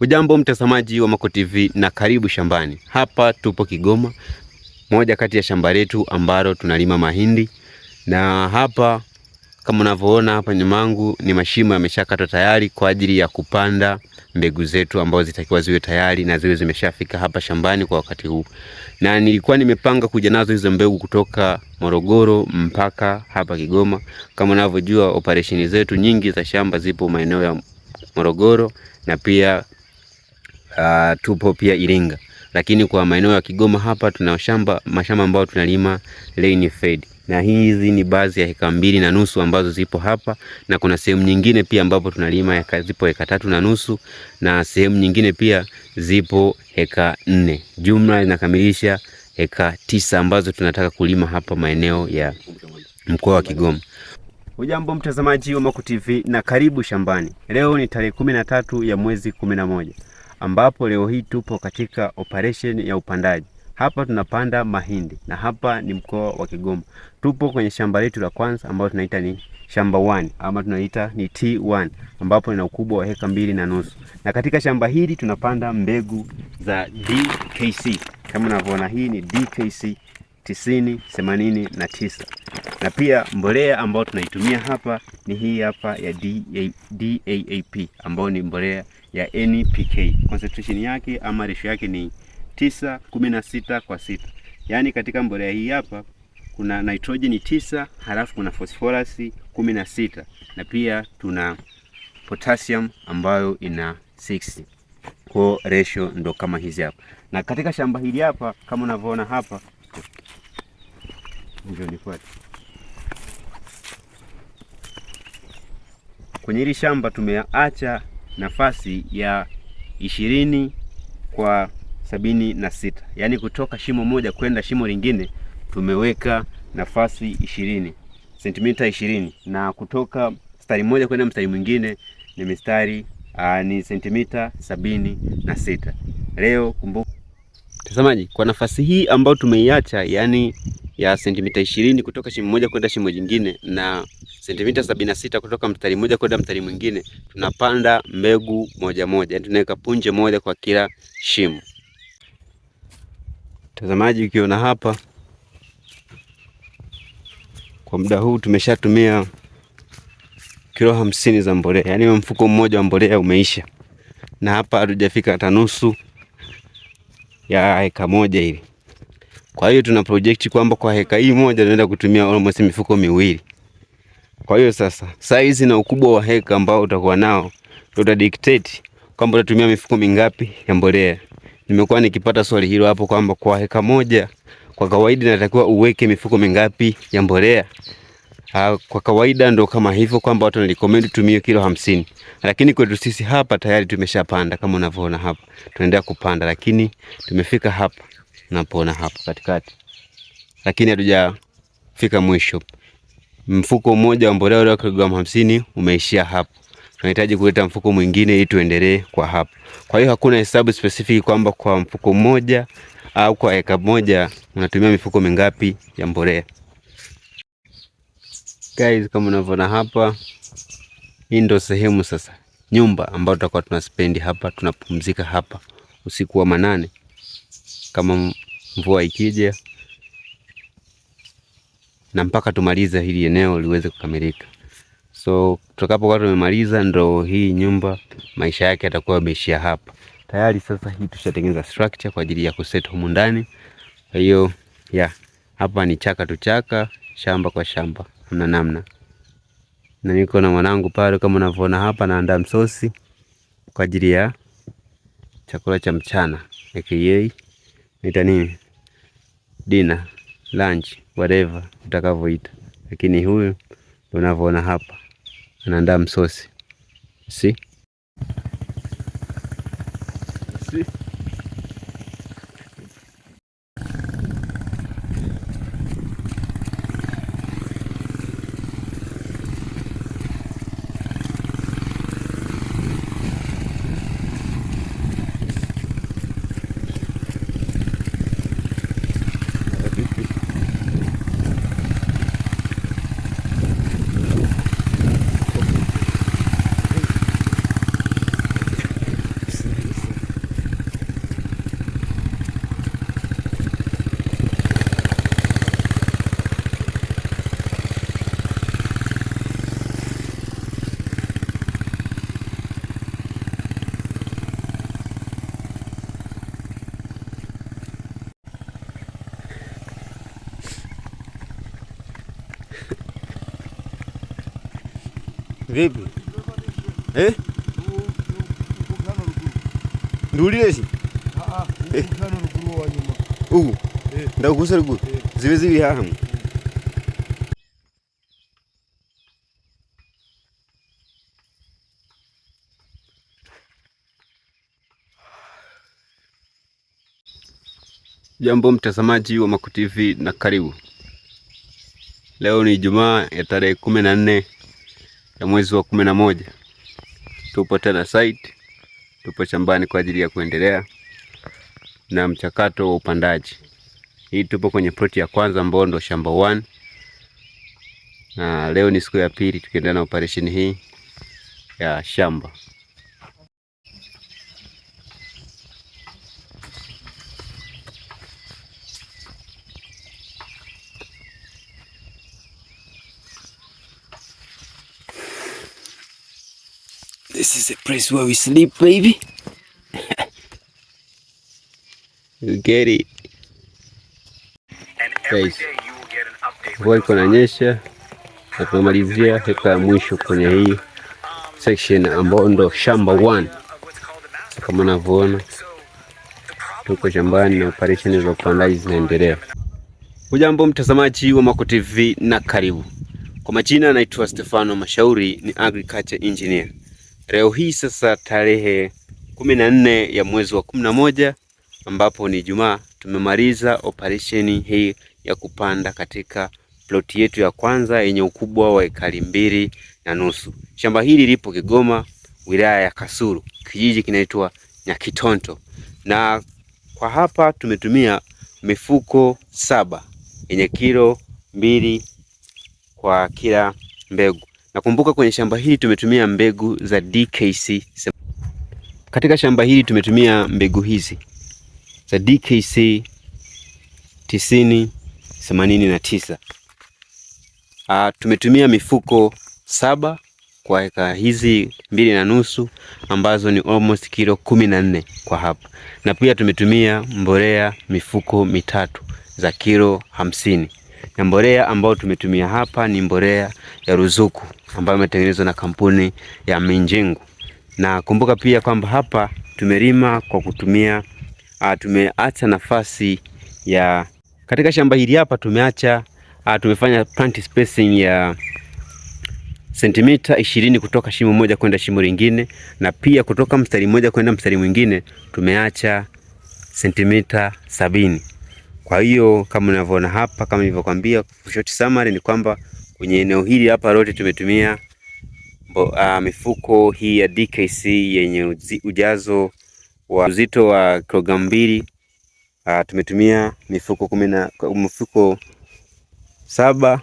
Ujambo mtazamaji wa Maco TV na karibu shambani. Hapa tupo Kigoma, moja kati ya shamba letu ambalo tunalima mahindi, na hapa kama unavyoona hapa nyuma yangu ni mashimo yameshakatwa tayari kwa ajili ya kupanda mbegu zetu ambazo zitakiwa ziwe tayari na ziwe zimeshafika hapa shambani kwa wakati huu, na nilikuwa nimepanga kuja nazo hizo mbegu kutoka Morogoro mpaka hapa Kigoma. Kama unavyojua operesheni zetu nyingi za shamba zipo maeneo ya Morogoro na pia uh, tupo pia Iringa, lakini kwa maeneo ya Kigoma hapa tuna shamba, mashamba ambayo tunalima lane fed na hizi ni baadhi ya heka mbili na nusu ambazo zipo hapa, na kuna sehemu nyingine pia ambapo tunalima heka, zipo heka tatu na nusu na sehemu nyingine pia zipo heka nne. Jumla inakamilisha heka tisa ambazo tunataka kulima hapa maeneo ya mkoa wa Kigoma. Ujambo mtazamaji wa Maco TV na karibu shambani. Leo ni tarehe kumi na tatu ya mwezi kumi na moja ambapo leo hii tupo katika operation ya upandaji. Hapa tunapanda mahindi na hapa ni mkoa wa Kigoma. Tupo kwenye shamba letu la kwanza ambalo tunaita ni shamba 1 ama tunaita ni T1 ambapo lina ukubwa wa heka mbili na nusu. Na katika shamba hili tunapanda mbegu za DKC. Kama unavyoona hii ni DKC 90 89. Na pia mbolea ambayo tunaitumia hapa ni hii hapa ya DAAP ambayo ni mbolea ya NPK. Concentration yake ama ratio yake ni 9:16 kwa 6. Yaani katika mbolea hii hapa kuna nitrojeni tisa halafu kuna fosforasi kumi na sita na pia tuna potassium ambayo ina 6. Kwa ratio ndo kama hizi hapa, na katika shamba hili hapa kama unavyoona hapa, ndio ni nifuate kwenye hili shamba tumeacha nafasi ya ishirini kwa sabini na sita yaani kutoka shimo moja kwenda shimo lingine tumeweka nafasi ishirini sentimita ishirini na kutoka mstari mmoja kwenda mstari mwingine ni mistari aa, ah, ni sentimita sabini na sita. Leo kumbuka mtazamaji, kwa nafasi hii ambayo tumeiacha, yaani ya sentimita ishirini kutoka shimo moja kwenda shimo jingine na sentimita sabini na sita kutoka mstari mmoja kwenda mstari mwingine, tunapanda mbegu moja moja, yani tunaweka punje moja kwa kila shimo. Mtazamaji, ukiona hapa kwa muda huu tumeshatumia kilo hamsini za mbolea, yaani mfuko mmoja wa mbolea umeisha, na hapa hatujafika hata nusu ya heka moja hili. Kwa hiyo tuna project kwamba kwa heka hii moja tunaenda kutumia almost mifuko miwili. Kwa hiyo sasa size na ukubwa wa heka ambao utakuwa nao uta dictate kwamba utatumia mifuko mingapi ya mbolea. Nimekuwa nikipata swali hilo hapo kwamba kwa heka moja kwa kawaida natakiwa uweke mifuko mingapi ya mbolea. Ha, kwa kawaida ndo kama hivyo kwamba watu wanalikomend tumie kilo hamsini, lakini kwetu sisi hapa tayari tumeshapanda kama unavyoona hapa, tunaendelea kupanda, lakini tumefika hapa, unapoona hapa katikati, lakini hatujafika mwisho mfuko mmoja wa mbolea wa kilogramu hamsini umeishia hapo. Tunahitaji kuleta mfuko mwingine ili tuendelee kwa hapo. Kwa hiyo hakuna hesabu spesifiki kwamba kwa mfuko mmoja au kwa eka moja unatumia mifuko mingapi ya mbolea. Guys, kama unavyoona hapa, hii ndo sehemu sasa, nyumba ambayo tutakuwa tunaspendi hapa, tunapumzika hapa usiku wa manane kama mvua ikija na mpaka tumalize hili eneo liweze kukamilika. So tutakapokuwa tumemaliza, ndo hii nyumba maisha yake yatakuwa yameishia hapa. Tayari sasa hii tushatengeneza structure kwa ajili ya kuset humu ndani. Kwa hiyo yeah, hapa ni chaka tu chaka, shamba kwa shamba, hamna namna. Na niko na mwanangu pale, kama unavyoona hapa, naandaa msosi kwa ajili ya chakula cha mchana aka nita nini dina lunch, whatever utakavyoita, lakini huyu unavyoona hapa anaandaa msosi si, si. Vipi? Eh? Ndio ile si? Ah ah. Ugu. Ndakugusa Ziwe zili Jambo mtazamaji wa Maco TV na karibu. Leo ni Ijumaa ya tarehe kumi na nne ya mwezi wa kumi na moja tupo tena site, tupo shambani kwa ajili ya kuendelea na mchakato wa upandaji. Hii tupo kwenye ploti ya kwanza ambayo ndo shamba 1 na leo ni siku ya pili tukiendelea na operesheni hii ya shamba. This is the place where we sleep, baby. you get it. Guys, mvua iko inanyesha na tunamalizia heka ya mwisho kwenye hii section ambayo ndo shamba 1. Kama unavyoona tuko shambani na operesheni za upandaji zinaendelea. Hujambo mtazamaji wa Maco TV na karibu. Kwa majina naitwa Stefano Mashauri, ni agriculture engineer. Leo hii sasa tarehe kumi na nne ya mwezi wa kumi na moja ambapo ni Ijumaa, tumemaliza operesheni hii ya kupanda katika ploti yetu ya kwanza yenye ukubwa wa ekari mbili na nusu. Shamba hili lipo Kigoma, wilaya ya Kasulu, kijiji kinaitwa Nyakitonto, na kwa hapa tumetumia mifuko saba yenye kilo mbili kwa kila mbegu. Nakumbuka kwenye shamba hili tumetumia mbegu za DKC. Katika shamba hili tumetumia mbegu hizi za DKC 9089. Ah, na tisa. Ah, tumetumia mifuko saba kwa eka hizi mbili na nusu ambazo ni almost kilo kumi na nne kwa hapa, na pia tumetumia mbolea mifuko mitatu za kilo hamsini na mbolea ambayo tumetumia hapa ni mbolea ya ruzuku ambayo imetengenezwa na kampuni ya Minjingu, na kumbuka pia kwamba hapa tumelima kwa kutumia a, ah, tumeacha nafasi ya katika shamba hili hapa tumeacha a, ah, tumefanya plant spacing ya sentimita ishirini kutoka shimo moja kwenda shimo lingine, na pia kutoka mstari mmoja kwenda mstari mwingine tumeacha sentimita sabini. Kwa hiyo kama unavyoona hapa, kama nilivyokuambia, short summary ni kwamba kwenye eneo hili hapa lote tumetumia mbo, a, ah, mifuko hii ya DKC yenye uzi, ujazo wa uzito wa kilogramu mbili. Ah, tumetumia mifuko kumi na mifuko saba